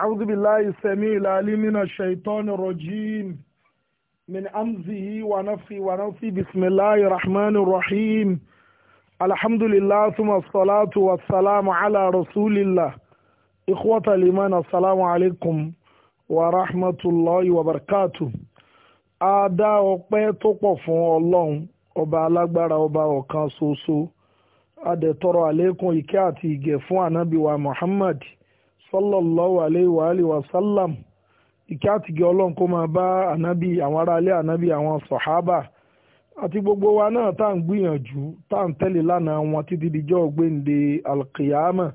أعوذ بالله السميع العليم من الشيطان الرجيم من أمزه ونفي ونفي بسم الله الرحمن الرحيم الحمد لله ثم الصلاة والسلام على رسول الله إخوة الإيمان السلام عليكم ورحمة الله وبركاته a dá ọpẹ́ tó pọ̀ fún ọlọ́run ọba alágbára ọba ọ̀kan ṣoṣo a àlékún ìkẹ́ àti ìgẹ̀ fún ànábì Muhammad sallallahu alayhi wa alihi wa sallam ìkẹ́ àtìgẹ́ ọlọ́run kó máa bá ànábì àwọn aráalé anabi àwọn sọ̀hábà ati gbogbo wa náà ta à ta gbìyànjú lana à ń tẹ̀lé lánàá wọn títí dijọ́ gbéǹde alkiyama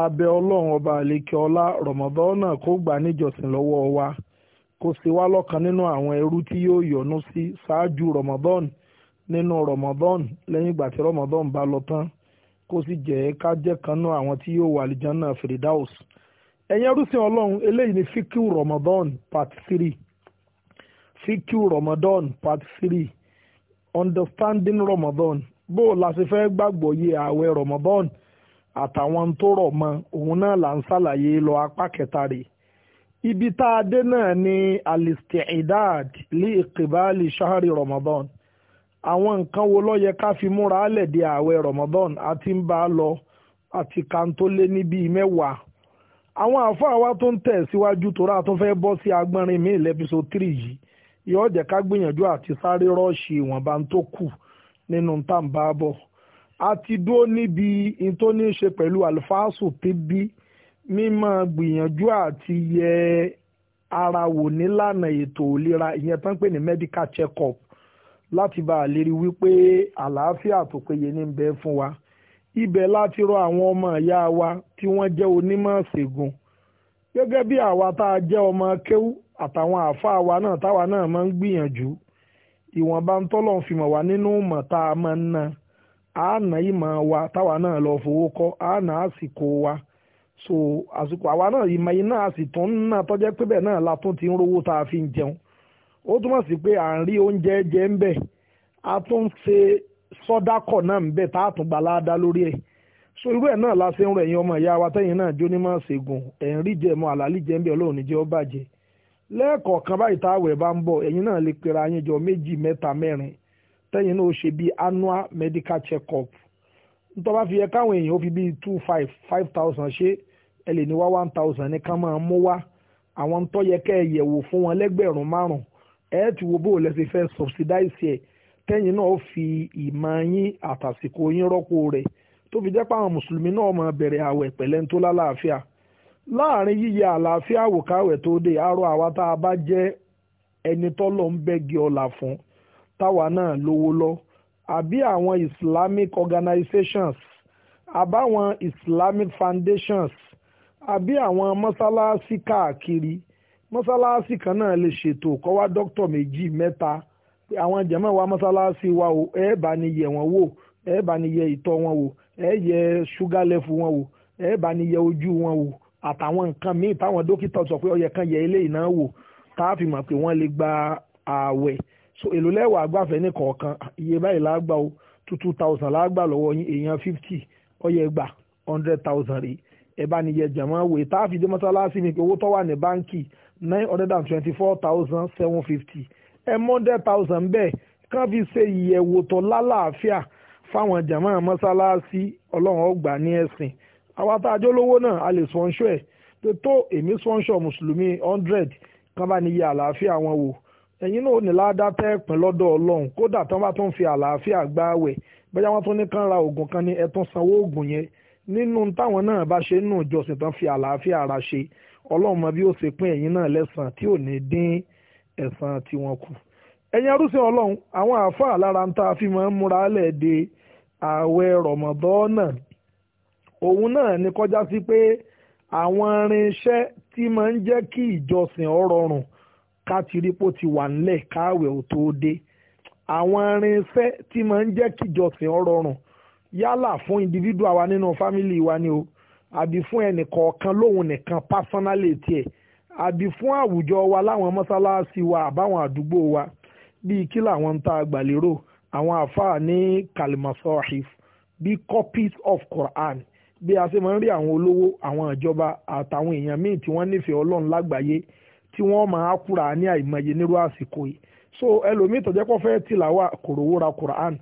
abẹ ọlọ́run ọba àlekè ọlá rọ̀mọ́dọ́ náà kó gbà níjọsìn lọ́wọ́ wa kó sì wá lọ́kàn nínú àwọn ẹrú tí yóò yọ́nú sí ṣáájú rọ̀mọ́dọ́n nínú rọ̀mọ́dọ́n lẹ́yìn ìgbà tí rọ̀mọ́dọ́n bá lọ tán kó sì jẹ́ ká jẹ́ kan náà àwọn tí yóò wà àlìjánnà firdaus ẹ̀yin ẹrúsìn ọlọ́run eléyìí ni fíkìú ramadan part three fíkìú ramadan part three understanding ramadan bó o la ṣe fẹ́ gbàgbọ́ yé ààwẹ̀ ramadan àtàwọn tó rọ̀ mọ́ òun náà là ń ṣàlàyé lọ apá kẹta rẹ̀ ibi tá a dé náà ni alistiidad li iqbali shahari ramadan àwọn nǹkan wo ló yẹ ká fi múra álẹ̀ de ààwẹ̀ Ramadan àti ń bá a lọ àti kan tó lé ní bíi mẹ́wàá àwọn àáfàá wa tó ń tẹ̀ síwájú tóra tó fẹ́ bọ́ sí agbọ́nrin mi lẹ́písọ tírì yìí yóò jẹ́ ká gbìyànjú àti sáré rọ́ọ̀ṣì ìwọ̀nba tó kù nínú tàǹbà bọ̀ a ti dúró níbi tó ní í ṣe pẹ̀lú àlùfáàsù tibí mímọ́ gbìyànjú àti yẹ ara wò nílànà ètò ìlera ìyẹn tó pè ní medical check-up láti bá a lè rí wípé àlàáfíà tó péye ní bẹ fún wa ibe láti rọ àwọn ọmọ ìyá wa tí wọ́n jẹ́ onímọ̀ ṣègùn gege bí àwa tá a jẹ́ ọmọ kéwú àtàwọn àáfàá wa náà táwa náà máa ń gbìyànjú ìwọ̀nba ń tọ́lọ̀ fi mọ̀ wá nínú mọ̀ tá a máa ń na àánà ìmọ̀ wa táwa náà lọ fowó kọ́ àánà àsìkò wa so àsìkò àwa náà ìmọ̀ iná àsìtún náà tọ́jẹ́ náà ti ń rówó tá a ó túmọ̀ sí pé à ń rí oúnjẹ jẹ ń bẹ̀ a tún ṣe sọ́dákọ̀ náà ń bẹ̀ tá a tún gbà láadá lórí ẹ̀ so irú ẹ̀ náà la ṣe ń rẹ̀ yín ọmọ ìyá wa tẹ́yìn náà jó ní má ṣègùn ẹ̀ ń rí jẹ̀mọ́ àlàlí jẹ́ ń bẹ̀ ọlọ́run níjẹ́ ó bàjẹ́ lẹ́ẹ̀kọ̀ọ̀kan báyìí táwẹ̀ bá ń bọ̀ ẹ̀yin náà lè pera yín jọ méjì mẹ́ta mẹ́rin tẹ́yìn náà ó ṣe bíi annual medical check-up tó bá fi yẹ káwọn èèyàn ó fi bíi two five five thousand ṣe ẹ lè ní wá one thousand ní ká máa mú wá àwọn tó yẹ kẹ́ ẹ yẹ̀wò fún wọn lẹ́gbẹ̀rún márùn ẹ ti wo bó lẹ́sẹ̀ fẹ́ subsidize ẹ̀ tẹ́yìn náà fi ìmọ̀ yín àtàsìkò yín rọ́pò rẹ̀ tó fi jẹ́ pé àwọn mùsùlùmí náà máa bẹ̀rẹ̀ àwẹ̀ pẹ̀lẹ́ tó lálàáfíà láàrin yíyẹ àlàáfíà àwòkáwẹ̀ tó dé àárọ̀ àwa tá a bá jẹ́ ẹni tọ́lọ̀ ń bẹ́gi ọ̀la fún táwa náà lówó lọ àbí àwọn Islamic organizations àbáwọn Islamic foundations àbí àwọn mọ́sálásí káàkiri mọ́sálásí kan náà lè ṣètò kọ́ wá dókítọ̀ méjì mẹ́ta pé àwọn jẹ̀mọ́ wa mọ́sálásí wa o ẹ bá ní yẹ̀ wọ́n wò ẹ bá ní yẹ̀ ìtọ̀ wọn wò ẹ yẹ̀ ṣúgà lẹ́fù wọn wò ẹ bá ní yẹ̀ ojú wọn wò àtàwọn nǹkan míì táwọn dókítà sọ pé ó yẹ ilé ìná wò tá a fi mọ̀ pé wọ́n lè gba ààwẹ̀ so èlò lẹ́wàá gbàfẹ́ ní kọ̀ọ̀kan iye báyìí lágbà o two two thousand lágbà lọ́wọ́ yín èèyàn fifty ó yẹ gbà hundred thousand rèé ẹ bá ní yẹ̀ jẹ̀mọ́ wò tá a fi dé mọ́sálásí mi pé owó tó wà ní báńkì nine hundred and twenty-four thousand seven fifty ẹ mọ́ hundred thousand bẹ́ẹ̀ kán fi ṣe ìyẹ̀wò tó lálàáfíà fáwọn jàmáà mọ́sálásí ọlọ́run ọgbà ní ẹ̀sìn àwa tá a jọ lówó náà a lè sponsor ẹ̀ tó tó èmi sponsor mùsùlùmí hundred kán bá ní iye àlàáfíà wọn wò ẹ̀yin náà ò ní ládàá tẹ́ pín lọ́dọ̀ ọlọ́run kódà tán bá tún fi àlàáfíà gbáwẹ̀ bóyá wọ́n tún ní kán ra oògùn kan ní ẹ tún sanwó oògùn yẹn nínú táwọn náà bá ṣe nù ìjọsìn tán fi àlàáfíà ara ṣe ọlọ́run mọ bí ó ṣe pín ẹ̀yin náà lẹ́san tí ò ní dín ẹ̀san tí wọ́n kù ẹ̀yin arúsẹ̀ ọlọ́run àwọn àáfàá lára ń tá fi máa ń múra lẹ̀ de ààwẹ̀ rọ̀mọ̀dọ́nà òun náà ni kọjá sí pé àwọn irinṣẹ́ tí máa ń jẹ́ kí ìjọsìn ọ̀rọ̀rùn ká ti rí pò ti wà nílẹ̀ káàwẹ̀ ò tó dé àwọn irinṣẹ́ tí máa ń jẹ́ kí ìjọsìn ọ̀rọ̀rùn yálà fún individual wa nínú fámìlì wa ni o. No àbí fún ẹnìkọ̀ọ̀kan lóhun nìkan pásánálì tiẹ̀ àbí fún àwùjọ wa láwọn mọ́sálásí wa àbáwọn àdúgbò wa bíi kí làwọn ń ta àgbàlérò àwọn àfáà ní kalimasahif bíi copies of Quran bí a ṣe máa ń rí àwọn olówó àwọn ìjọba àtàwọn èèyàn míì tí wọ́n nífẹ̀ẹ́ ọlọ́run lágbàáyé tí wọ́n máa kúra ní àìmọye nírú àsìkò yìí so ẹlòmíì tó jẹ́ kó fẹ́ tìlàwà kòròwó ra Quran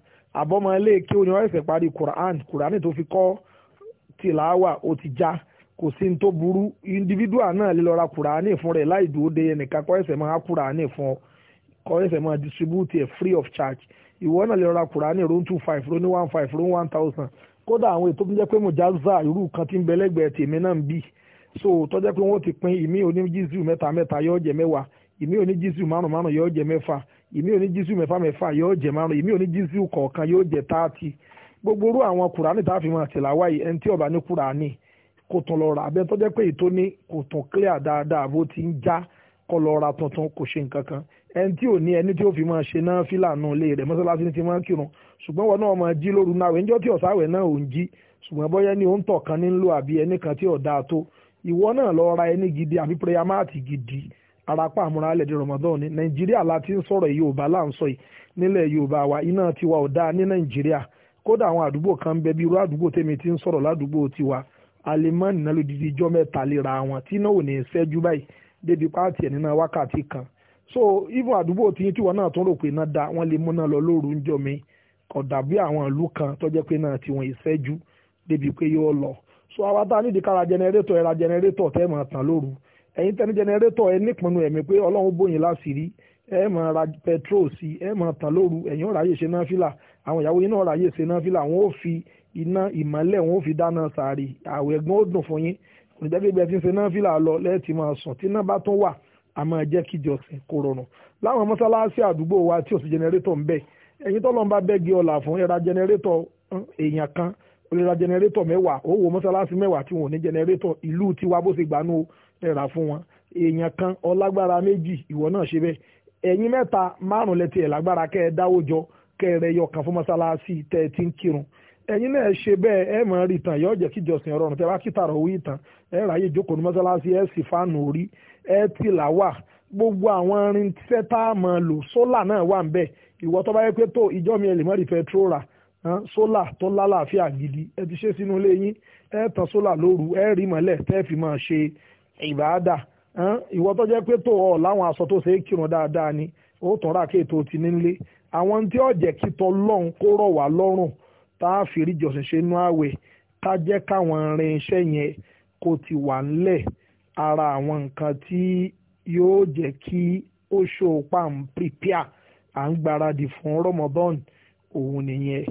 àbọ̀mọ́ ilé kí oyin ọ̀ẹ́sẹ̀ parí Quran Quran tó fi kọ́ tìláwà ó ti já kò sí ní tó burú individual náà lè lọ ra kùránì fún rẹ̀ láì dúró de ẹnìkan kọ́ ẹsẹ̀ máa kùránì fún ọ kọ́ ẹsẹ̀ máa distribute ẹ̀ free of charge ìwọ náà lè ra kùránì ron two five ron one five ron one thousand kódà àwọn ètò tó ń jẹ́ pé mojaza irú kan ti ń bẹ tèmi náà ń bì so tọ́jẹ́ pé wọ́n ti pín ìmí oní jísù mẹ́ta mẹ́ta yóò jẹ mẹ́wàá ìmí oní jísù márùn márùn yóò jẹ mẹ́fà ìmí oní jísù mẹ́fà mẹ́fà yóò jẹ márùn ìmí oní jísù kọ̀ọ̀kan yóò jẹ táàtì gbogbo irú àwọn kùránì tá a fi máa tìlàwá yìí ẹni tí ó bá ní kùránì kò tún lọ ra abẹ́ tó jẹ́ pé ètò ní kò tún clear dáadáa bó ti ń já kọ́ lọ ra tuntun kò ṣe nǹkan kan ẹni tí ò ní ẹni tí ó fi máa ṣe náà fílà náà lé rẹ̀ mọ́sálásí ní ti máa ń kírun ṣùgbọ́n wọn náà máa jí lóru náà àwẹ̀ tí ọ̀sáwẹ̀ náà ò ń jí ṣùgbọ́n bọ́yá ni ó ń tọ̀ ní lò àbí ẹni kan tí ọ̀dà tó ìwọ náà lọ ra ẹni gidi àbí prayer mat gidi arapa àmúra alẹ́ di Ramadan ni Nàìjíríà láti ń sọ̀rọ̀ Yorùbá là ń sọ yìí nílẹ̀ Yorùbá wa iná tiwa ọ̀dà ní Nàìjíríà kódà àwọn àdúgbò kan ń bẹ bí irú àdúgbò tèmi ti ń sọ̀rọ̀ ládùúgbò tiwa alemani náà lódìdí ijọ́ mẹ́ta léra wọn tí náà ò ní ṣẹ́jú báyìí débi páàtì ẹ̀ nínú wákàtí kan so even àdúgbò tiyín tí wọn náà tún rò pé náà da wọn lè múná lọ lóru ń jọ mi kò dàbí àwọn ìlú kan tó jẹ́ pé náà tiwọn ìṣẹ́jú débi pé yóò lọ so àwa tá a nídìí kára jẹnẹrétọ̀ ẹ̀ra jẹnẹrétọ̀ tẹ́ mọ̀ tán lóru ẹ̀yin tẹ́ni jẹnẹrétọ̀ ẹ nípinnu ẹ̀mí pé ọlọ́run bóyin láṣìírí ẹ máa ra pẹtrol sí ẹ máa tàn lóru ẹ̀yin ò ráyè ṣe náà fìlà àwọn ìyàwó yín náà ráyè ṣe náà fílà wọn ò fi iná ìmọ́lẹ̀ wọn ò fi dáná sàárì àwẹ̀ ẹ̀gbọ́n ó dùn fún yín kò ní ti ń ṣe náà fílà lọ lẹ́ẹ̀tì máa sùn tí náà bá tún wà a máa jẹ́ kíjọsìn kó rọrùn láwọn mọ́sálásí àdúgbò wa tí ò sí jẹnẹrétọ̀ ń bẹ̀ ẹ̀yin tọ́lọ́ ń bá bẹ́ẹ̀gì ọ̀là fún ẹ̀ra jẹnẹrétọ̀ èèyàn kan olera jẹnẹrétọ̀ mẹ́wàá owó mọ́sálásí mẹ́wàá tí wọn ò ní jẹnẹrétọ̀ ìlú tiwa bó ṣe gbanú ẹ̀rà fún wọn èèyàn kan ọlágbára méjì ìwọ náà ṣe bẹ́ẹ̀ ẹ̀yin mẹ́ta márùn lẹ́tì ẹ̀ lágbára kẹ́ ẹ dáwó jọ kẹrẹ yọkan fún masalasi tẹ́ ẹ ti ń kírun ẹ̀yin náà ṣe bẹ́ẹ̀ ẹ máa rí ìtàn yóò jẹ́ kí ìjọsìn ọ̀rọ̀ tẹ́ bá kí tààrọ̀ wí ìtàn ẹ ráyè jókòó ní mọ́sálásí ẹ sì fáànù orí ẹ ti là wà gbogbo àwọn irinṣẹ́ tá a máa lò sólà náà wà ń bẹ̀ ìwọ tó bá yẹ pé tó ìjọ mi ẹ lè mọ́ rí pẹtrol rà sólà tó lálàáfíà gidi ẹ ti ṣe sínú ilé yín ẹ tan sólà lóru ẹ rí mọ́lẹ̀ tẹ́ fi máa ṣe ìbáàdà ìwọ tó jẹ́ pé tó ọ̀ láwọn aṣọ tó ṣe é kírun dáadáa ni ó tọ́ra kéètò ti nílé àwọn tí ó jẹ́ kí tọlọ́run kó rọ̀ wá lọ́rùn tá a fi rí jọ̀sìn ṣe nú àwẹ̀ ká jẹ́ káwọn rin iṣẹ́ yẹn kó ti wà ńlẹ̀ ara àwọn nǹkan tí yóò jẹ́ kí ó ṣòpá ń pípíà à ń gbáradì fún Ramadan òun nìyẹn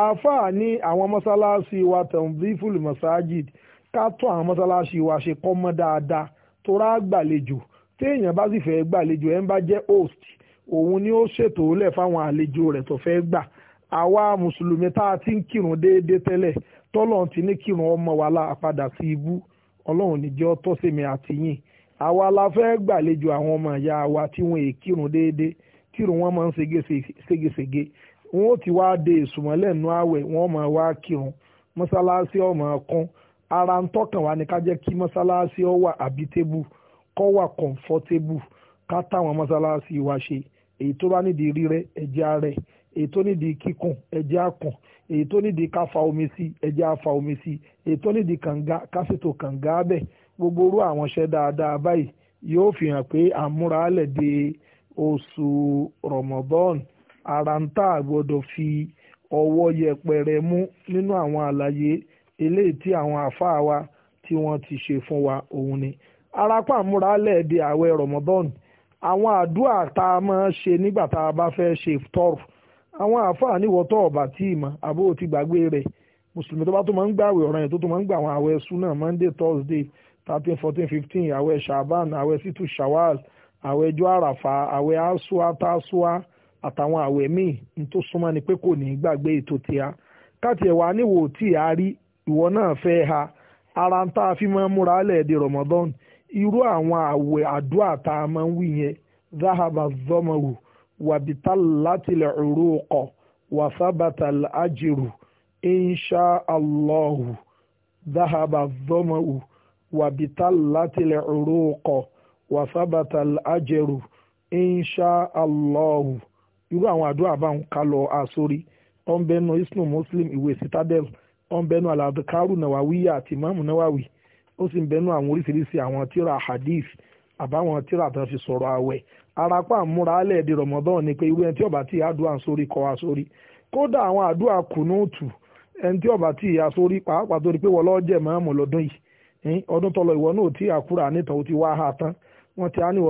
àáfàá ní àwọn mọ́sálásí wa tanziful masajid ká tún àwọn mọ́sálásí wa ṣe kọ́ mọ́ dáadáa tó rá gbàlejò téèyàn bá sì fẹ́ gbàlejò ẹ̀ ń bá jẹ́ host òun ni ó ṣètò lẹ̀ fáwọn àlejò rẹ̀ tó fẹ́ gbà àwa mùsùlùmí tá a ti ń kírun déédéé tẹ́lẹ̀ tọ́lọ́run ti ní kírun ọmọ wa la padà sí ibú ọlọ́run níjọ́ tọ́sẹ̀mí àtìyìn àwa la fẹ́ gbàlejò àwọn ọmọ ìyá wa tí wọ́n è kírun déédéé kírun wọn máa ń ségesège wọn ó ti wá de àwẹ̀ wọn máa wá kírun mọ́sálásí ọmọ kan ara ń wá ní ká jẹ́ kí wa ṣe èyí tó bá nídìí rírẹ́ ẹ̀jẹ̀ arẹ èyí tó nídìí kíkùn ẹ̀jẹ̀ akùn èyí tó nídìí káfa omi sí ẹ̀jẹ̀ afa omi sí èyí tó nídìí kànga kásètò kànga abẹ gbogbo orú àwọn iṣẹ́ dáadáa báyìí yóò fi hàn pé àmúra alẹ̀ de oṣù Ramadan ara ń tà gbọ́dọ̀ fi ọwọ́ yẹpẹrẹ mú nínú àwọn àlàyé eléyìí tí àwọn àfáà wa tí wọ́n ti ṣe fún wa òun ni. arapa àmúra alẹ̀ de àwẹ̀ Ramadan àwọn àdúrà tá a máa ṣe nígbà tá a bá fẹ́ ṣe tọrọ àwọn àáfàá níwọ̀ tó ọ̀bà tí ì mọ̀ àbó ti gbàgbé rẹ̀ mùsùlùmí tó bá tó máa ń gbàwé ọ̀ràn yẹn tó tó máa ń gbà àwọn monday thursday thirteen fourteen fifteen àwẹ̀ shaban àwẹ̀ situ shawal àwẹ̀ àràfà àwẹ̀ asua tasua àtàwọn àwẹ̀ míì tó súnmọ́ ni pé kò ní gbàgbé ètò a káàtì a rí ìwọ náà fẹ́ ha ara ń tá a fi máa ramadan irú àwọn àwẹ̀ àdúrà tá a máa ń wí yẹn zahaba zomaru wàbítà látìlẹ̀ òrókọ̀ wàsábàtà àjèrò insha allahu zahaba zomaru wàbítà látìlẹ̀ ọkọ wàsábàtà àjèrò insha allahu irú àwọn àdúrà bá ń kálọ̀ àsórí ọ̀nbẹ́nu islam muslim ìwé citadel ọ̀nbẹ́nu aladkaru nawawiya àti imam nawawi. ó sì ń bẹnu àwọn oríṣiríṣi àwọn tíra hadith àbáwọn tíra tó fi sọ̀rọ̀ àwẹ̀ arapa múra alẹ́ẹ̀dì rọmọdán ni pé irú ẹni tí ọba tí àdúrà ń sórí kọ́ wa sórí kódà àwọn àdúrà kùnúùtù ẹni tí ọba tí ìyá sórí pàápàá torí pé wọ́n lọ́ọ́ lọ́dún yìí ọdún tọ́lọ ìwọ náà tí àkúrà ó ti wá ha tán ti á ní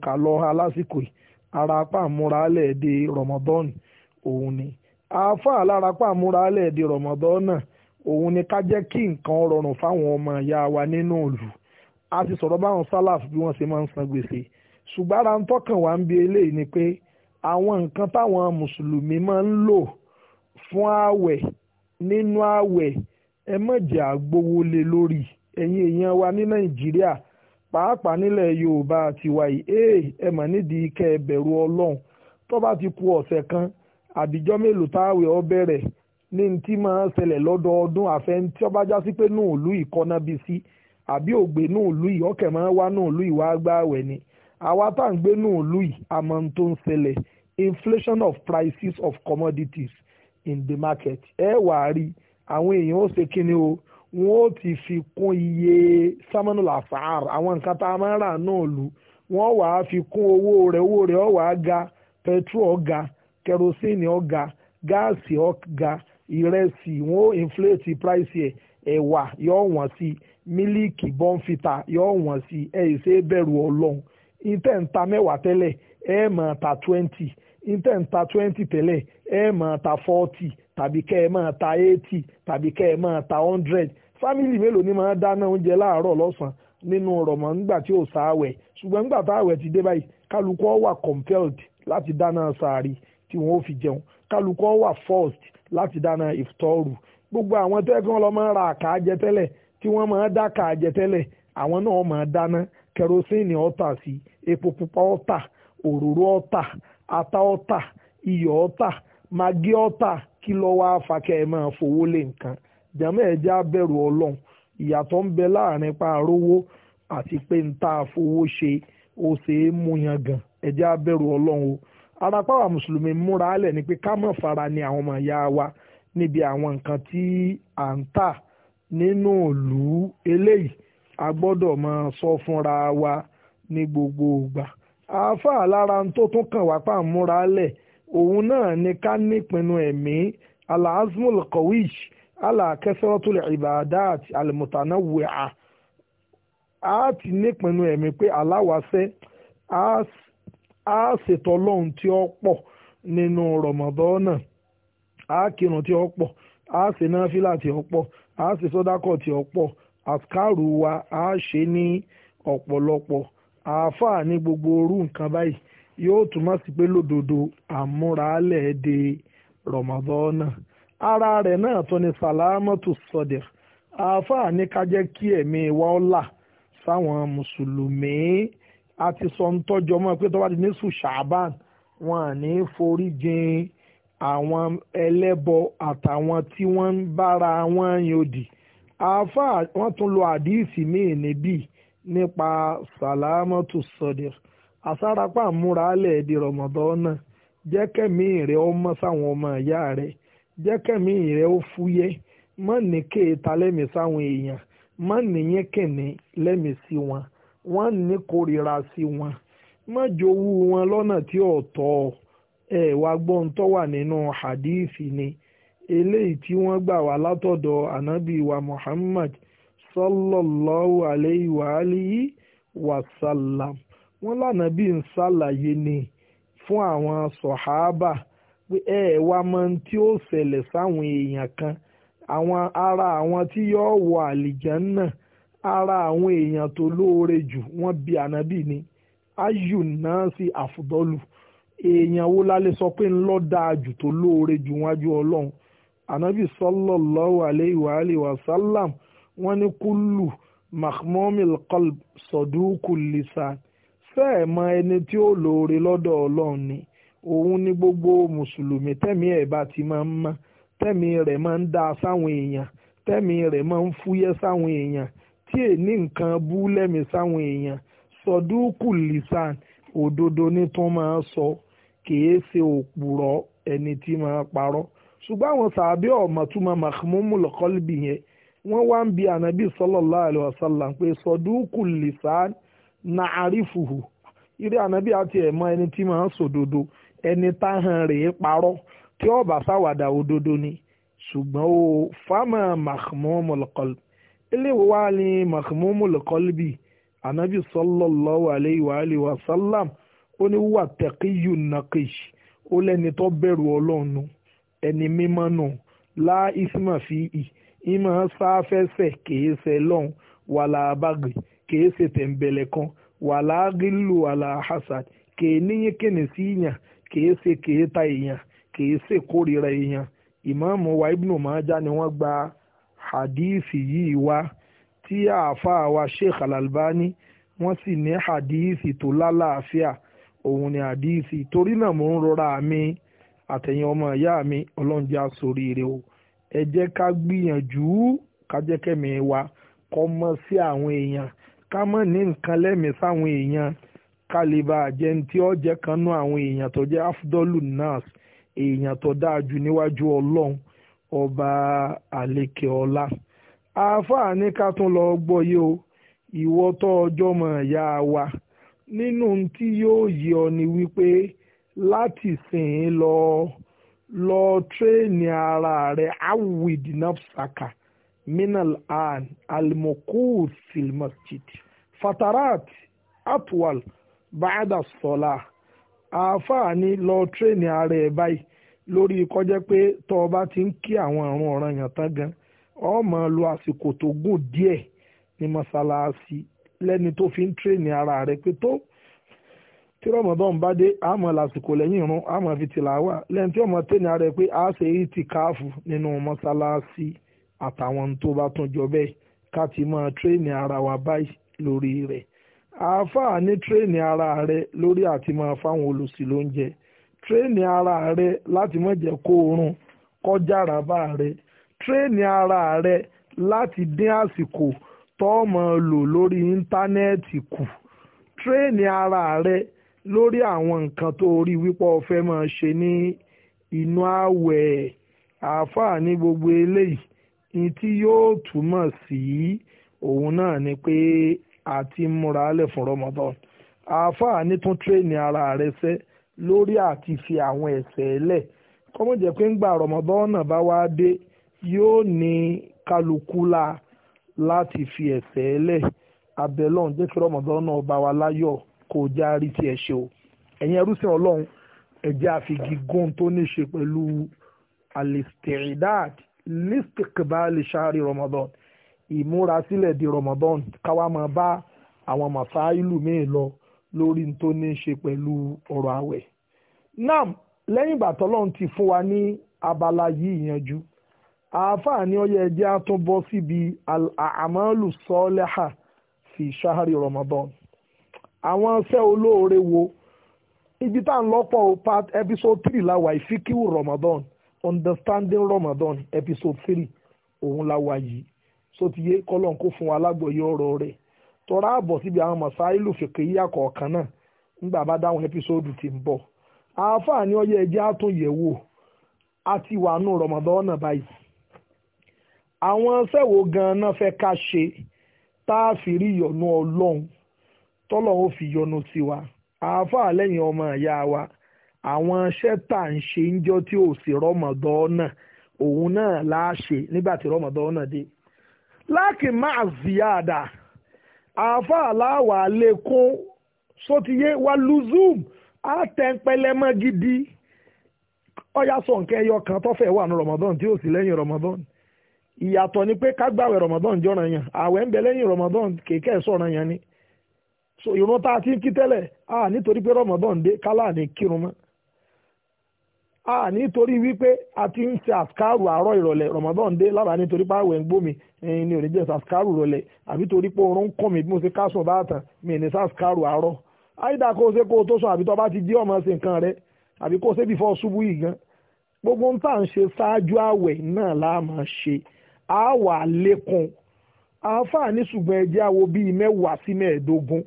ka lọ alásìkò yìí arapa rọmọdán òun ni àáfàá lára pàmúra lẹ́ẹ̀dẹ̀ rọ̀mọ̀dọ́nà òun ni ká jẹ́ kí nǹkan rọrùn fáwọn ọmọ ìyá wa nínú ìlú a ti sọ̀rọ̀ báwọn sálàf bí wọ́n ṣe máa ń san gbèsè ṣùgbọ́n ara ń tọ́kàn wá ń bi eléyìí ni pé àwọn nǹkan táwọn mùsùlùmí máa ń lò fún ààwẹ̀ nínú ààwẹ̀ ẹ má àgbowó lé lórí ẹ̀yin èèyàn wa ní nàìjíríà pàápàá nílẹ̀ yorùbá tiwa yìí eh, ẹ mà nídìí kẹ́ ẹ ọlọ́run tó bá ti ku ọ̀sẹ̀ kan àbíjọ́ mélòó táwẹ̀ ọ bẹ̀rẹ̀ ní n tí máa ń ṣẹlẹ̀ lọ́dọọdún àfẹn tí ọba já sí pé nù ìlú ìkọ́nà bí sí àbí ògbé nù ìlú yìí ọkẹ̀ máa ń wá nù ìlú yìí wá gbààwẹ̀ ni àwa tá à ń gbé nù ìlú yìí àmọ́ n tó ń ṣẹlẹ̀ inflation of prices of commodities in the market ẹ wà á rí àwọn èèyàn ó ṣe kíni o wọn ó ti fi kún iye samanul asahar àwọn nǹkan tá a máa ń rà náà lù wọ́n wàá fi kún owó rẹ̀ owó rẹ̀ ó wàá ga petrol ó ga kerosene ọ̀gá gáàsì ọ̀gá ìrẹsì wọn inflate price ẹ̀ ẹ̀wà yóò wọ́n miliki mílíìkì bọ́ǹfìtà yóò wọ́n sí ẹ̀ ṣe bẹ̀rù ọlọ́run ìtẹ̀ ń ta mẹ́wàá tẹ́lẹ̀ ẹ̀ máa ta twenty ìtẹ̀ ń ta twenty tẹ́lẹ̀ ẹ̀ máa ta forty tàbí kẹ́ ẹ máa ta eighty tàbí kẹ́ ẹ máa ta hundred fámìlì mélòó ni máa dáná oúnjẹ láàárọ̀ lọ́sàn-án nínú rọ̀mọ́ nígbà tí ò sáàwẹ̀ ṣùgbọ́n nígbà táwẹ̀ ti dé báyìí kálukú wà compelled láti dáná sáàrí tí wọ́n ó fi jẹun kálukọ́ wà first láti dáná ìfọ́rù gbogbo àwọn tó yẹ kí wọ́n lọ máa ra àkà jẹ tẹ́lẹ̀ tí wọ́n máa dá kà jẹ àwọn náà máa dáná kẹrosíìnì ọ̀tà sí epo pupa ọ̀tà òróró ọ̀tà ata ọ̀tà iyọ̀ ọ̀tà magi ọ̀tà kí ló wá fa kẹ́ ẹ máa fowó lé nǹkan jàmọ́ ẹ̀ já bẹ̀rù ọlọ́run ìyàtọ̀ ń bẹ láàrin pa àti pé ń tá fowó ṣe ó ṣe é mú yan gan ẹ̀ já bẹ̀rù ọlọ́run o arapáwa mùsùlùmí múra alẹ̀ ni pé ká mọ̀ fara ni àwọn ọmọ ìyá wa níbi àwọn nǹkan tí à ń tà nínú ìlú eléyìí a gbọ́dọ̀ mọ sọ fúnra wa ní gbogbo ìgbà àáfàá lára tó tún kàn wá pà ń múra alẹ̀ òun náà ni ká nípinnu ẹ̀mí alazmul kawish alakẹsẹrọtul ibadat alimutanawia a ti nípinnu ẹ̀mí pé aláwàṣẹ a á ṣètò ọlọ́run tí ó pọ̀ nínú rọ̀mọ̀dọ́nà á kírun tí ó pọ̀ á ṣe náfìlà tí ó pọ̀ á ṣe sọ́dákọ̀ tí ó pọ̀ àkàrù wa a ṣe ní ọ̀pọ̀lọpọ̀ àáfàá ní gbogbo orú nǹkan báyìí yóò túmọ̀ sí pé lódodo àmúralẹ̀ de rọ̀mọ̀dọ́nà ara rẹ̀ náà tó ní sàlámọ́tò sọ̀dẹ̀ àáfàá ní ká jẹ́ kí ẹ̀mí wa ọ̀la sáwọn mùsùlùmí àti sọ̀ńtọ́jọ́ mọ́ pé tọ́wádìí ní sùsàbán wọn à ní forí jìn àwọn ẹlẹ́bọ àtàwọn tí wọ́n ń bára wọn yòdì àáfàá wọ́n tún lo àdíìsì míì níbí nípa sàlámọ́tò sọ̀dẹ̀ àsárápá múra lẹ̀ di rọ̀mọ̀dọ́ náà jẹ́kẹ̀mí rẹ̀ ó mọ́ sáwọn ọmọ ìyá rẹ̀ jẹ́kẹ̀mí rẹ̀ ó fúyẹ́ mọ́ ní kéèta lẹ́mìí sáwọn èèyàn mọ́ nìyẹn kìnnì lẹ́mìí sí wọn. wọ́n ní kórìíra sí wọn má jowú wọn lọ́nà tí ò tọ́ ẹ gbọ́ gbọ́n tó wà nínú hadithi ni eléyìí tí wọ́n gbà wá látọ̀dọ̀ ànábì wa Muhammad sallallahu alayhi wa alihi wa sallam wọ́n lànàbí n ṣàlàyé ni fún àwọn sọ̀háábà pé ẹ wá mọ̀ tí ó ṣẹlẹ̀ sáwọn èèyàn kan àwọn ará àwọn tí yóò wọ àlìjánná náà ara àwọn èèyàn tó lóore jù wọ́n bí ànábì ni ayù náà sí àfùdọ́lù èèyàn wo la lè sọ pé ńlọ dáa jù tó lóore jù wájú ọlọ́run ànábì sallallahu alayhi wa alayhi wa sallam wọ́n ní kúlù mahmumil qalb sọ̀dúkùl lisan fẹ́ẹ̀ mọ ẹni tí ó lóore lọ́dọ̀ ọlọ́run ni òun ní gbogbo mùsùlùmí tẹ̀mí ẹ̀ bá ti máa ń mọ́ tẹ̀mí rẹ̀ máa ń dáa sáwọn èèyàn tẹ̀mí rẹ̀ máa ń fúyẹ́ sáwọn èèyàn tí è ní nǹkan bú lẹ́mìí sáwọn èèyàn sọdúkù lisan òdodo ní tó máa sọ kìí ṣe òpùrọ̀ ẹni tí máa parọ́ ṣùgbọ́n àwọn sàbí ọ̀mọ̀túnmọ̀ mahmumu lọ́kọ́lìbì yẹn wọ́n wá ń bi ànábì sallallahu alaihi wasallam pé sọdúkù lisan nàárífùhù irú ànábì àti ẹ̀mọ́ ẹni tí máa sòdodo ẹni táhàn rèé parọ́ tí ó bá òdodo ni ṣùgbọ́n ó fámà mahmumu lọ́kọ́lìbì eléwo wá ní mahmumul qalbi anabi sallallahu alayhi wa alihi wa sallam ó ní wà tẹ̀kíyù naqish ó lẹ́ni tó bẹ̀rù ọlọ́run ẹni mímọ́ nù láà isma fi ì ìmọ̀ sáfẹ́sẹ̀ kìí ṣe lọ́hùn wàlà àbàgì kìí ṣe tẹ̀m̀bẹ̀lẹ̀ kan wàlà àgìlù wàlà kìí níyìn kìnì sí ìyàn kìí ṣe kìí ta èèyàn kìí ṣe kórìíra èèyàn ìmáàmù wa ibnu maja ni wọ́n gba hadithi yìí wá tí àáfàá wa sheikh alalbani wọ́n sì ní hadithi tó lálàáfíà òun ni hadithi torí náà mò ń rọra mi àtẹ̀yìn ọmọ ìyá mi ọlọ́njẹ́ àsoríire o ẹ jẹ́ ká gbìyànjú ká jẹ́ kẹ́mi wa kọ́ mọ́ sí àwọn èèyàn ká mọ̀ ní nǹkan lẹ́mìí sáwọn èèyàn ká lè bá àjẹ́ tí ó jẹ́ kan nú àwọn èèyàn tó jẹ́ afdolu nas èèyàn tó dáa jù níwájú ọlọ́run ọba àlekè ọlá àáfàá ní ká tún lọ gbọ́ yé o ìwọ tó ọjọ́ mọ̀ ya wa nínú tí yóò yí ọ ni wípé láti sìn lọ lọ tírèèni ara rẹ awid nafsaka minal an almokut silmasjid fatarat atwal baada sola àáfàá ní lọ tírèèni ara ẹ báyìí lórí kọjẹ́ pé tọ́ ọ ti ń kí àwọn àrùn ọ̀ràn yàn tán gan ọ máa lo àsìkò tó gùn díẹ̀ ní mọ́ṣáláṣí lẹ́ni tó fi ń tírèèni ara rẹ̀ pé tó tí rọmọdán bá dé àmọ́ lásìkò lẹ́yìn irun àmọ́ fi tìlàwà lẹ́yìn tí ọmọ tẹni ara ẹ pé a ṣe èyí ti káàfù nínú mọ́ṣáláṣí àtàwọn tó bá tún jọ bẹ́ẹ̀ ká ti máa tírèèni ara wa báyìí lórí rẹ̀ àáfàá ní tírèèni ara rẹ̀ lórí àti máa fáwọn olùsí lóúnjẹ tírẹ́ẹ̀nì ara rẹ láti má jẹ́ kó oorun kọjá ràbà rẹ tírẹ́ẹ̀nì ara rẹ láti dín àsìkò tọ́ọ̀mọ̀ lò lórí íńtánẹ́ẹ̀tì kù tírẹ́ẹ̀nì ara rẹ lórí àwọn nǹkan tó rí wípé o fẹ́ máa ṣe ní inú àwẹ̀ àáfàá ní gbogbo eléyìí ní tí yóò túmọ̀ sí òun náà ni pé àti múra lẹ̀ fún Ramadan àáfàá ní tún tírẹ́ẹ̀nì ara rẹ sẹ́ẹ́ lórí àti fi àwọn ẹ̀ṣẹ̀ ẹlẹ̀ kọ́mọ̀ jẹ́ pé ńgbà rọ̀mọ́dọ́nà bá wá dé yóò ní kálukú la láti fi ẹ̀ṣẹ̀ ẹlẹ̀ abẹ́lọ́n jẹ́ kí rọ̀mọ́dọ́nà ọba wa láyọ̀ kó járí ti ẹ̀ṣẹ̀ o ẹ̀yin ẹrúsìn ọlọ́run ẹ̀jẹ̀ àfigi gún tó ní ṣe pẹ̀lú alistiridad listikbali shari ramadan ìmúrasílẹ̀ di ramadan káwa máa bá àwọn màsáìlú míì lọ lórí tó ní ṣe pẹ̀lú ọ̀rọ̀ àwẹ̀ nam lẹ́yìn ìgbà tọ́lọ́run ti fún wa ní abala yìí yanjú àáfàá ni ọyẹ ẹjẹ́ á tún bọ́ síbi àmọ́lù sọ́ọ́lẹ́hà fi ṣáhárì Ramadan àwọn ṣẹ́ olóore wo ibi tá à ń lọ́pọ̀ part episode three la wà ìfikíwù Ramadan understanding Ramadan episode three òun la wà yìí so ti yé kọ́lọ́n kó fún wa lágbòye ọ̀rọ̀ rẹ̀ tọ́ra àbọ̀ síbi àwọn mọ̀sáìlù fìkìyà kọ̀ọ̀kan náà nígbà bá dáhùn episode ti ń bọ̀ àáfàá ni ọyẹ ẹjẹ àtúnyẹ̀wò àti wàánú rọmọdọ́nà báyìí àwọn sẹ́wò gan-an fẹ́ ká ṣe tá a fi rí ìyọ̀nù ọlọ́run tọ́lọ́run fi yọ́nú tiwa àáfàá lẹ́yìn ọmọ ìyá wa àwọn iṣẹ́ tá à ń ṣe ń jọ́ tí ò sí rọmọdọ́nà òun náà láàṣe nígbà tí rọmọdọ́nà dé láàkì máa ziyada àáfàá láwàá lè kún sótìyé wa luzum. a tẹ́ ń pẹ́lẹ́ mọ́ gidi ọ̀yà sọ nǹkan ẹyọ kan tọ́fẹ̀ wà ní tí ó sì lẹ́yìn Ramadan ìyàtọ̀ ni pé kágbàwẹ̀ Ramadan jọ̀ràn yàn àwẹ̀ ń bẹ kéèké ni so ìrun tá a ti ń a nítorí pé Ramadan dé kálá ní kírun a a ti ń ṣe àṣkárù dé lára nítorí pé ń ní àbí torí pé mi bí mo ṣe ká àìdá kó o ṣe kó o tó sùn àbí tó bá ti jí ọmọ sí nǹkan rẹ àbí kó o ṣe bìfọ́ ṣubú yìí gan gbogbo ń tà ń ṣe ṣáájú àwẹ̀ náà la máa ṣe á wà lékun àǹfààní ṣùgbọ́n ẹjẹ́ àwo bíi mẹ́wàá sí mẹ́ẹ̀ẹ́dógún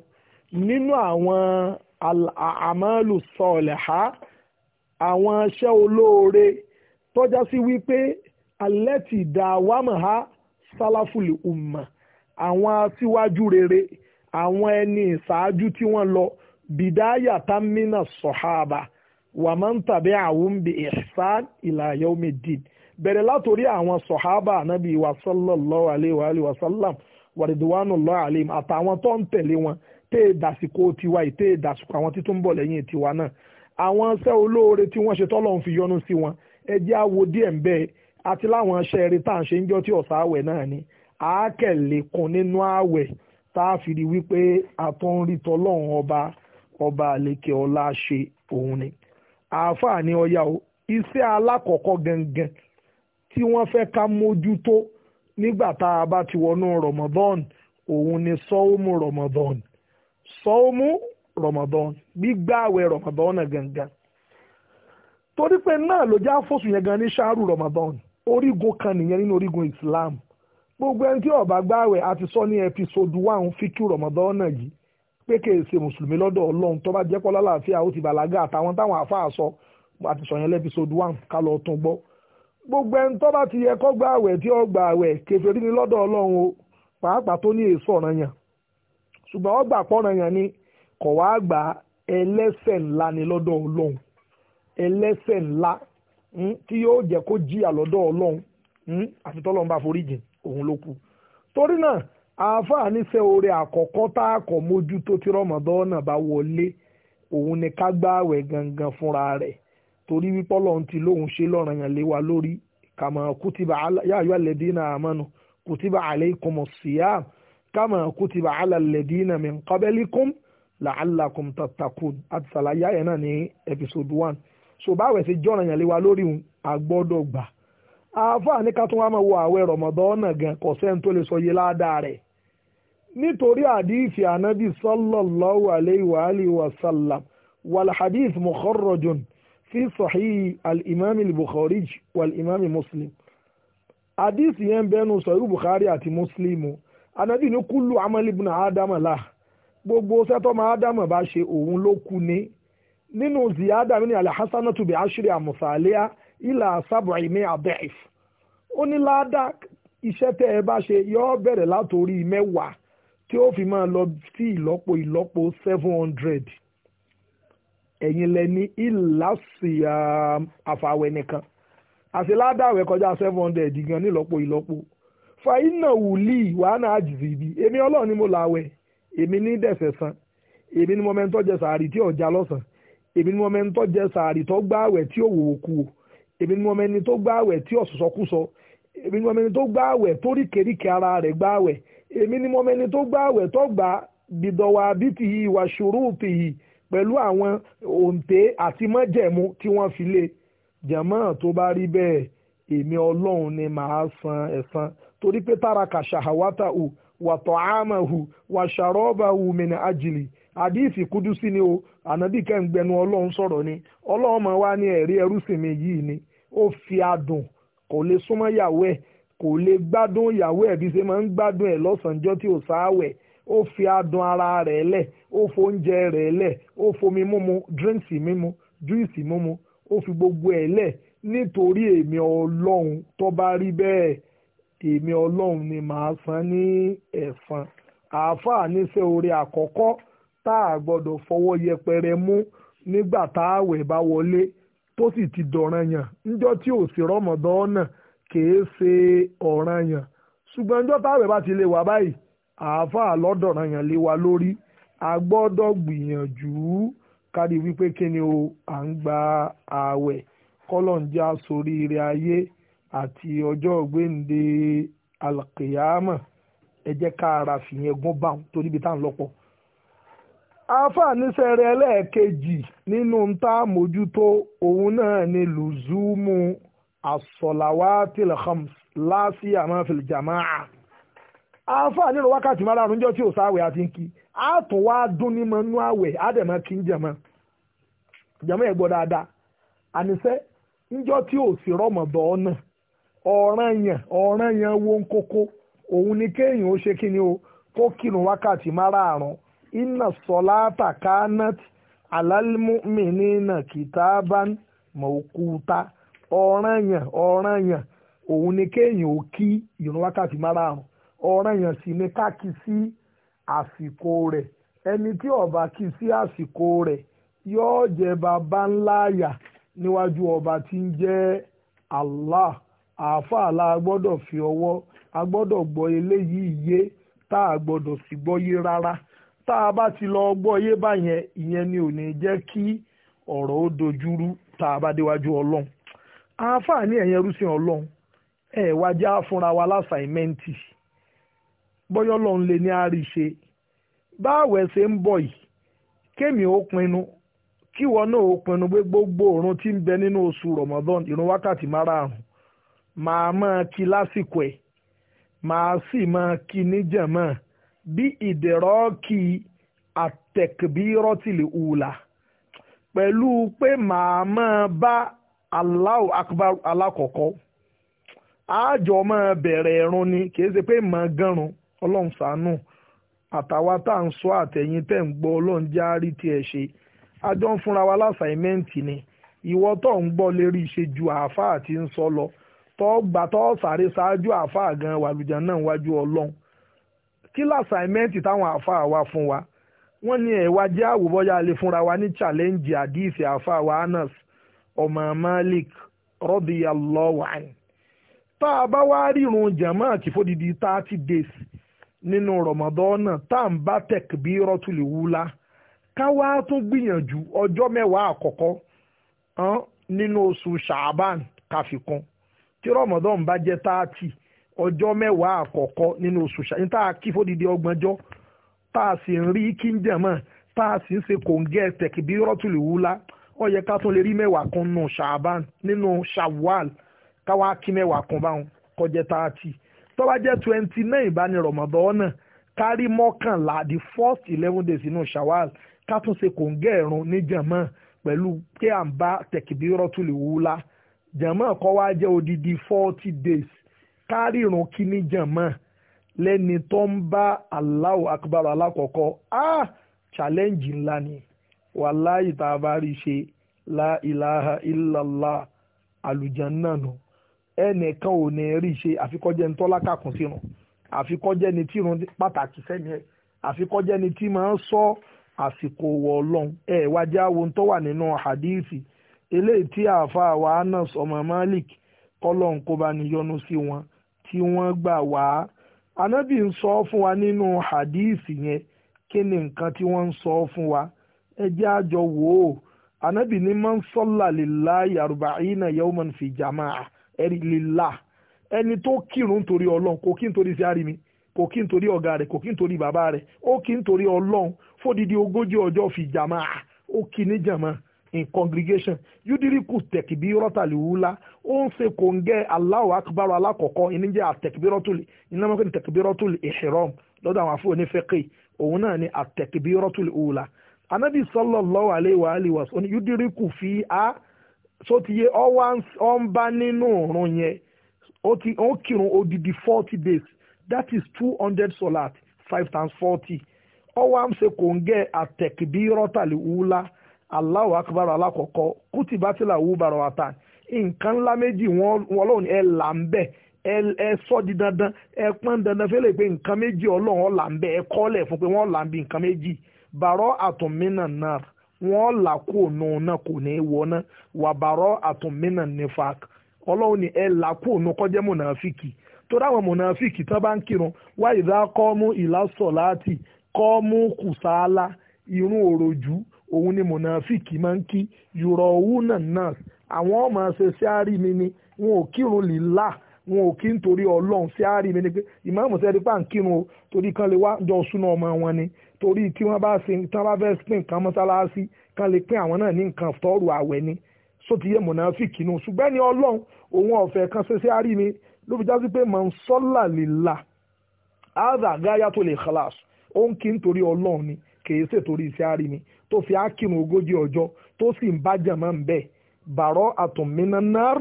nínú àwọn àmọ́lù sọ̀lẹ̀ ha àwọn iṣẹ́ olóore tọ́já sí wípé alẹ́ ti dá wàmọ̀há sálàfùlì ùmà àwọn aṣíwájú rere àwọn ẹni ìṣáájú tí wọ́n lọ bidaya tamina sọ̀háàbà wà máa ń tàbí àwọn bí ihsan ila yawmi din bẹ̀rẹ̀ látòrí àwọn sọ̀háàbà ànábì wa sallallahu alayhi wa alayhi wa sallam wàrìdìwánullah alayhim àtàwọn tó ń tẹ̀lé wọn tẹ́ ìdásíkò tiwa ìtẹ́ ìdásíkò àwọn títún bọ̀ lẹ́yìn tiwa náà àwọn iṣẹ́ olóore tí wọ́n ṣe tọ́lọ́run fi yọ́nú sí wọn ẹ jẹ́ díẹ̀ ń bẹ́ẹ̀ àti láwọn iṣẹ́ eré tá à ń ṣe ń jọ́ tí ọ̀sà náà ni àákẹ́lẹ̀ kan nínú àwẹ̀ tá a fi rí wípé ọba àlekè ọlá ṣe òun ni àáfàá ni ọya o iṣẹ́ alákọ̀ọ́kọ́ gangan tí wọ́n fẹ́ ká mójútó nígbà tá a bá ti wọnú Ramadan òun ni sọ́ọ́mù Ramadan sọ́ọ́mù Ramadan gbígbààwẹ̀ Ramadan náà gangan torí pé náà ló já fòsùn yẹn gan ní ṣáàrù Ramadan orígun kan nìyẹn nínú orígun Islam gbogbo ẹni tí ó bá gbààwẹ̀ àti sọ ní episode one fíkú Ramadan náà yìí pé kèé ṣe mùsùlùmí lọ́dọ̀ ọlọ́run tó bá jẹ́ pọ́ lálàáfíà ó ti bàlágà àtàwọn táwọn àáfàá sọ àti sọ̀yẹn lẹ́písọ̀dù one ká lọ tún gbọ́. gbogbo ẹni tó bá ti yẹ kó gba àwẹ̀ tí ó gba àwẹ̀ kèfèrí ni lọ́dọ̀ ọlọ́run o pàápàá tó ní èso ṣùgbọ́n gbà ni kò wá gba ẹlẹ́sẹ̀ ńlá àáfàá níṣẹ́ oore ta tá a kọ̀ mójútó tí rọmọdọ́nà bá wọlé òun ni ká gbààwẹ̀ gangan fúnra rẹ̀ torí wípé Ọlọ́run ti lóun ṣe lọ́ranyàn lé wa lórí kàmá kùtìbà yáyọ alẹ́dínà àmọ́nu kùtìbà àlẹ́kùnmọ̀ síyàm kàmá kùtìbà alẹ́dínà min qablikum la'allakum tattakun àti sàlàyé ayẹ náà episode one so báwẹ̀ ṣe jọ́ranyàn lé wa lórí òun àgbọ́dọ̀ gbà àáfàá ní ká tún wá máa wo àwẹ̀ rọ̀mọ̀dọ́nà gan kọ̀sẹ́ni tó lè sọ yé ládàá rẹ̀ nítorí àdíìsì ànábì sallallahu alayhi wa alihi wa sallam wal hadith mukharrajun fi sahih al-imam al-bukhari wal imam muslim àdíìsì yẹn bẹnu sahih bukhari àti muslim ànábì ní kullu amali ibn adam lah gbogbo sẹ́tọ́ ma adam bá ṣe òun ló kú ni nínú ziyada mi ni alhassanatu bi ashri amthaliha ila sab'i mi'a da'if ó ní ládàá iṣẹ́ tẹ́ ẹ bá ṣe yọ bẹ̀rẹ̀ látòrí mẹ́wàá tí ó fi máa lọ sí ìlọ́po ìlọ́po seven hundred ẹ̀yin lẹ ní ìlàsì um, àfàwẹ̀ nìkan àṣeládàwẹ̀ kọjá seven hundred gan nílọ́po ìlọ́po fàyínà wùlí wàhánà àjìzì ibi èmi ọlọ́run ni mo làwẹ̀ èmi ní dẹ̀sẹ̀ san èmi ni mo mẹ́ńtọ́ jẹ sàárì tí ọ̀já lọ́sàn èmi ni mo mẹ́ńtọ́ jẹ sàárì tó gbáwẹ̀ tí òwòwò kú o èmi ni mo mẹ́ni tó gbáwẹ̀ tí ọ̀sọ̀sọ̀kúsọ èmi ni mo mẹ́ni tó gbáwẹ̀ tó ríkèríkè ara rẹ̀ gbáwẹ̀ èmi ni mo mẹni tó gbá àwẹ̀ tó gbà bìdọ̀wà bìtì yìí wà ṣùrùtì yìí pẹ̀lú àwọn òǹtẹ̀ àti mọ́jẹ̀mú tí wọ́n fi lé jẹ̀mọ́ tó bá rí bẹ́ẹ̀ èmi ọlọ́run ni màá san ẹ̀san torí pé táraka ṣàhàwátà hù wàtọ̀ àmà hù hù àjìlì àdìsí ni o ànábì kẹ́ǹgbẹ́nu ọlọ́run sọ̀rọ̀ ni ọlọ́run mọ̀ wá ní ẹ̀rí ẹrú yìí ni ó fi adùn kò lè súnmọ́ kò lè gbádùn ìyàwó ẹ̀ bí ṣe máa ń gbádùn ẹ̀ lọ́sànjọ́ tí ò sáàwẹ̀ ó fi adùn ara rẹ̀ lẹ̀ ó fóúnjẹ rẹ̀ lẹ̀ ó fomi mímu drinks mímu juice mímu ó fi gbogbo ẹ̀ lẹ̀ nítorí èmi ọlọ́run tó bá rí bẹ́ẹ̀ èmi ọlọ́run ni màá san ní ẹ̀fọn àáfàá níṣẹ́ oore àkọ́kọ́ tá a gbọ́dọ̀ fọwọ́ yẹpẹrẹ mú nígbà táàwẹ̀ bá wọlé tó sì ti dọ̀ranyàn níjọ́ tí ò sí rọ́mọdán náà kèé ṣe ọ̀ranyàn ṣùgbọ́n ọjọ́ táwẹ̀ bá ti lè wà báyìí àáfàá lọ́dọ̀ranyàn lé wa lórí a gbọ́dọ̀ gbìyànjú kárí wípé kí ni o à ń gba ààwẹ̀ kọ́lọ̀njá soríire ayé àti ọjọ́ ògbéǹde alkiyama ẹ jẹ́ ká ara fìyẹn gún bá torí ibi tá à ń lọ́pọ̀. àáfàá níṣẹ́ ẹlẹ́ẹ̀kejì nínú tá a òun náà ni lùzúmù as-salawatil khams amafili jama'a àáfàá nínú wákàtí márùn-ún jọ́ tí ò sáwẹ̀ àti ń kí á tún wá dún ní mọ́ nú àwẹ̀ á dẹ̀ mọ́ kí ń jẹ̀mọ́ jẹ̀mọ́ ẹ̀ gbọ́ dáadáa àníṣẹ́ níjọ́ tí ò sí wo ń kókó òun ni kéèyàn ó ṣe kí ni o kó kinu wákàtí márùn-ún inna salata kanat alal mu'minina ọ̀ranyàn ọ̀ranyàn òun ni kéèyàn ó kí ìrun wákàtí márààrún ọ̀ranyàn sì ni ká kí sí àsìkò rẹ̀ ẹni tí ọba kí sí àsìkò rẹ̀ yóò jẹ bàbá ńlá àyà níwájú ọba tí ń jẹ́ Allah àáfàá la fi ọwọ́ a gbọ́dọ̀ gbọ eléyìí yé tá a ti lọ gbọ yé báyẹn ìyẹn ni ò ní jẹ́ kí ọ̀rọ̀ ó dojúrú tá a bá àǹfààní ẹ̀yẹn rúṣin ọlọ́run ẹ̀ wá já fúnra wa lásàìmẹ́ǹtì bọ́yọ́ lọ́n lè ní àríṣe báwẹ̀ ṣe ń bọ̀ yìí kémi ó pinnu kíwọ náà ó pinnu pé gbogbo òrun tí ń bẹ nínú oṣù Ramadan ìrun wákàtí márààrún màá máa kí lásìkò ẹ̀ màá sì máa kí níjàmọ́ bí ìdẹ̀rọ́ọ̀kì àtẹ̀kbírọ́tìlì ùlà pẹ̀lú pé màá máa bá Allahu akbar alákọ̀ọ́kọ́ àjọ máa bẹ̀rẹ̀ ẹ̀rùn ni kì í ṣe pé màá gànrun ọlọ́run ṣàánú àtàwa tá à ń sọ àtẹ̀yìn tẹ̀ ń gbọ́ ọlọ́run já rí tiẹ̀ ṣe àjọ ń fúnra wa lásàìmẹ́ǹtì ni ìwọ tó ń gbọ́ lérí ṣe ju àáfàá tí ń sọ lọ tó gbà tó sáré ṣáájú àáfàá gan wàlùjá náà wájú ọlọ́run kí lásàìmẹ́ǹtì táwọn àáfàá wa fún wa wọ́n ní ẹ̀wá jẹ́ àwòbọ́yá lè fúnra wa ní challenge àdìsí àáfàá wa Anas ọmọ Malik radiyallahu anhu tá a bá wá rírun jàmá àti fódìdí thirty days nínú rọmọdọ́nà tá à ń bá takbiratul wula ká wá tún gbìyànjú ọjọ́ mẹ́wàá àkọ́kọ́ nínú oṣù ṣàbán káfíkún tí rọmọdọ́n bá jẹ́ thirty ọjọ́ mẹ́wàá àkọ́kọ́ nínú oṣù ṣàyìn tá a kí fódìdí ọgbọ̀njọ́ tá a sì ń rí kíńjàmọ́ tá a sì ń ṣe kòǹgẹ́ tẹ̀kìbírọ́tùlù wúlá ó yẹ ká tún lè rí mẹ́wàá kan nù ṣàbán nínú ṣàwàl káwá kí mẹ́wàá kan báwọn kọjá tààtì tó bá jẹ́ twenty nine bá ní rọ̀mọ̀dọ́ náà kárí mọ́kànlá the first eleven days nínú ṣàwàl ká tún ṣe kòǹgẹ́ ẹ̀rùn níjàmọ́ pẹ̀lú pé à ń bá tẹ̀kìbírọ́tùlì wúlá jàmọ́ kọ́ wá jẹ́ odidi forty days kárí ìrùn kíní jàmọ́ lẹ́ni tó ń bá Allahu akbar alákọ̀ọ́kọ́ ah challenge ńlá ni wàláì tá a bá rí ṣe láìláha ìlàlá àlùjànnà nù ẹnìkan ò ní rí ṣe àfikọ́jẹ́ ní tọ́lá kàkùn sírun àfikọ́jẹ́ ní tírun pàtàkì sẹ́mi ẹ̀ àfikọ́jẹ́ ní tí máa ń sọ àsìkò wọ̀ ọlọ́run ẹ̀ wájú àwọn tó wà nínú hadithi eléyìí tí àáfàá wa Anas ọmọ Malik kọ́lọ́n kó bá ní yọ́nú sí wọn tí wọ́n gbà wá anábì ń sọ fún wa nínú hadithi yẹn kí ni nǹkan tí wọ́n ń sọ fún Wa ẹ jẹ́ àjọ wò ó anabi ni man salla lillahi arba'ina yawman fi jama'a ẹ̀rí lillah ẹni tó kírun torí ọlọ́run kò kí n torí sí àrími kò kí n torí ọ̀gá rẹ̀ kò kí n torí bàbá rẹ̀ ó kí n torí ọlọ́run fódìdí ogójì ọjọ́ fi jama'a ó kí ní jama in congregation yudiriku tẹkibirọtali wula ó ń ṣe kòńgẹ́ Allahu akbar alákọ̀ọ́kọ́ ìníjẹ́ àtẹkibirọtuli ìnáwó kí ni tẹkibirọtuli ihram lọ́dọ̀ àwọn afọ onífẹ́kẹ́ òun náà ni àtẹkibirọtuli wula anábì sallallahu alaihi wa alihi wa sallam yudiriku fi á so ti yé ọ ń bá nínú òrùn yẹn ó kírun odidi forty days that is two hundred solat five times forty ọ wá ń ṣe kò ń gẹ́ àtẹ̀kìbírọ́tàlì wúlá Allahu akbar alákọ̀ọ́kọ́ kùtìbátìlà wúbarọ̀ àtàn nǹkan ńlá méjì wọn ọlọ́run ẹ là ń bẹ̀ ẹ sọ di dandan ẹ pọ́n dandan fẹ́lẹ̀ pé nǹkan méjì ọlọ́run ọ̀ là ń bẹ̀ ẹ kọ́lẹ̀ fún pé wọ́n là ń bi nǹkan méjì baro àtúnmínà náà wọ́n là na òun náà kò ní í wọná wà bàrọ̀ àtúnmínà nífàk ọlọ́run ni ẹ là kó kọjá mọ̀nàfíkì tó dáwọn mọ̀nàfíkì tán bá ń kírun wá ìdá kọ́mú ìlàsọ̀ kọ́mú kùsàálà irun òròjú òun ni mọ̀nàfíkì máa ń kí náà náà àwọn ọmọ ṣe sí àárí mi ni wọn ò kírun lílà wọn ò kí ọlọ́run sí mi ni pé ni torí tí wọ́n bá ṣe tí wọ́n bá fẹ́ pín nǹkan mọ́sálásí kan lè pín àwọn náà ní nǹkan tọ́rù àwẹ̀ ni sótìyẹ mọ̀nàfíìkì nù ṣùgbọ́n ní ọlọ́run òun ọ̀fẹ́ kan ṣẹṣẹ́ àrí mi ló fi jásí pé mọ̀nsọ́là lè la áàdà gáyà tó lè khalas ó ń kí nítorí ọlọ́run ni kì í ṣe torí iṣẹ́ àrí mi tó fi ákìrùn ogójì ọjọ́ tó sì ń bájà máa ń bẹ̀ bàrọ́ àtọ̀mínà náà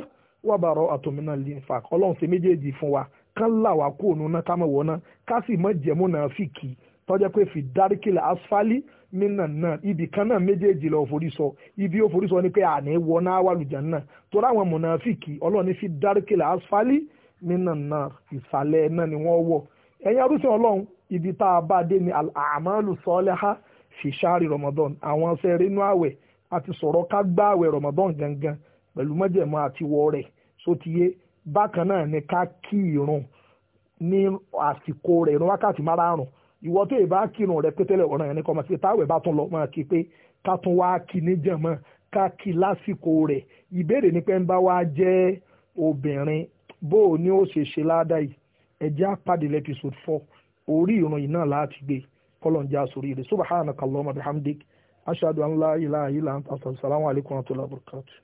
wà bàrọ́ àtọ̀mínà lè fà ọlọ́run ṣe méjèèjì fún wa kán là wá kúrò nínú ká mọ̀ wọ́n ná ká sì mọ̀ jẹ́mú náà fìkì tọ́jẹ́ pé fi dáríkìlà asfali nínà náà ibì kan náà méjèèjì lọ forí sọ ibi ó forí sọ ni pé àní wọ náà wà lùjẹ́ náà torí àwọn mọ̀nàfíìkì ọlọ́run ní fi dáríkìlà asfali nínà náà ìsàlẹ̀ náà ni wọ́n wọ̀ ẹ̀yin arúsìn ọlọ́run ibi tá a bá dé ni àmàlù sọ́lẹ́há fi ṣáàrì ramadan àwọn ọ̀sẹ̀ rínú àwẹ̀ àti sọ̀rọ̀ ká gbá àwẹ̀ ramadan gangan pẹ̀lú mọ́jẹ̀mọ́ àti wọ́ rẹ̀ sótìyé bákan ni ká kí ìrun ní ìwọ tó yẹ bá kírun rẹ pé tẹ́lẹ̀ ọ̀ràn yẹn ní kọ́ máa ṣe táwẹ̀ bá tún lọ máa kí pé ká tún wá kí ní jàmọ́ ká kí lásìkò rẹ̀ ìbéèrè ní pé ń bá wá jẹ́ obìnrin bó o ní ó ṣe ṣe ládàá yìí ẹ̀jẹ̀ àpàdé lẹ́písòd four orí ìrun yìí náà láti gbé kọ́lọ̀njà sórí rẹ̀ subhanakallahumma bihamdik ashhadu an la ilaha illa anta astaghfiruka wa atubu ilayk